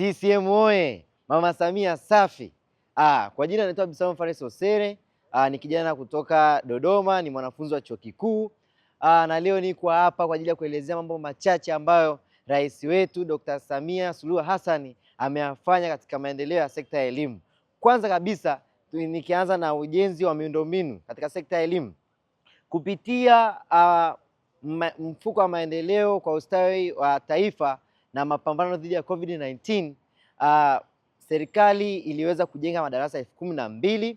CCM oye! Mama Samia safi! Ah, kwa jina naitwa Abdulsalam Faris Osere. Ah, ni kijana kutoka Dodoma, ni mwanafunzi wa chuo kikuu ah, na leo niko hapa kwa ajili ya kuelezea mambo machache ambayo rais wetu Dr. Samia Suluhu Hassan ameyafanya katika maendeleo ya sekta ya elimu. Kwanza kabisa nikianza na ujenzi wa miundombinu katika sekta ya elimu kupitia uh, mfuko wa maendeleo kwa ustawi wa taifa na mapambano dhidi ya COVID-19, uh, serikali iliweza kujenga madarasa elfu kumi na mbili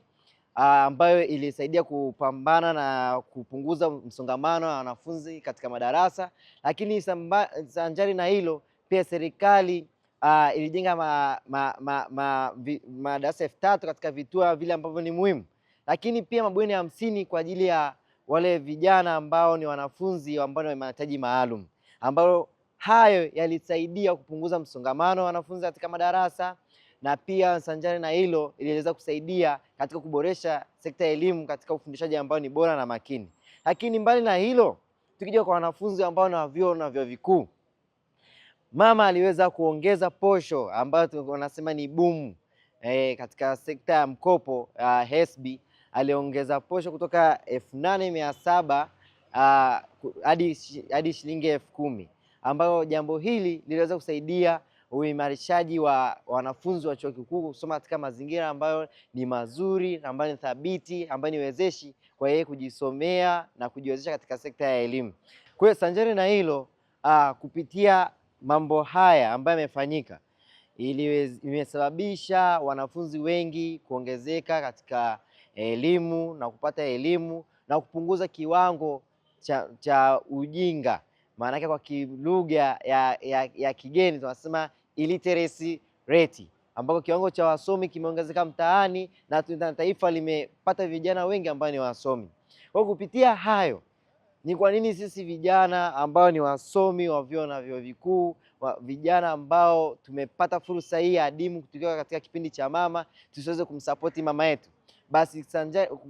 uh, ambayo ilisaidia kupambana na kupunguza msongamano wa wanafunzi katika madarasa. Lakini samba, sanjari na hilo pia serikali uh, ilijenga ma, ma, ma, ma, ma madarasa elfu tatu katika vituo vile ambavyo ni muhimu, lakini pia mabweni hamsini kwa ajili ya wale vijana ambao ni wanafunzi ambao ni mahitaji maalum ambao Hayo yalisaidia kupunguza msongamano wa wanafunzi katika madarasa na pia sanjari na hilo iliweza kusaidia katika kuboresha sekta ya elimu katika ufundishaji ambao ni bora na makini. Lakini mbali na hilo, tukija kwa wanafunzi ambao na vyuo na vyuo vikuu, mama aliweza kuongeza posho ambayo wanasema ni bumu eh, katika sekta ya mkopo uh, ah, HESB aliongeza posho kutoka elfu nane mia saba ah, hadi shilingi elfu kumi ambayo jambo hili liliweza kusaidia uimarishaji wa wanafunzi wa chuo kikuu kusoma katika mazingira ambayo ni mazuri, ambayo ni thabiti, ambayo ni wezeshi kwa yeye kujisomea na kujiwezesha katika sekta ya elimu. Kwa hiyo sanjari na hilo aa, ah, kupitia mambo haya ambayo yamefanyika imesababisha wanafunzi wengi kuongezeka katika elimu na kupata elimu na kupunguza kiwango cha, cha ujinga maana yake kwa kilugha ya, ya, ya kigeni tunasema illiteracy rate, ambako kiwango cha wasomi kimeongezeka mtaani na taifa limepata vijana wengi ambao ni wasomi. Kwa kupitia hayo ni kwa nini sisi vijana ambao ni wasomi wa vyuo na vyuo vikuu, vijana ambao tumepata fursa hii adimu kutoka katika kipindi cha mama tusiweze kumsapoti mama yetu? Basi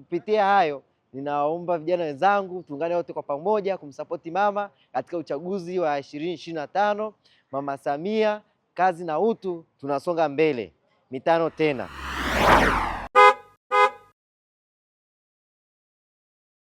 kupitia hayo ninaomba vijana wenzangu tuungane wote kwa pamoja kumsapoti mama katika uchaguzi wa ishirini ishirini na tano. Mama Samia, kazi na utu, tunasonga mbele mitano tena.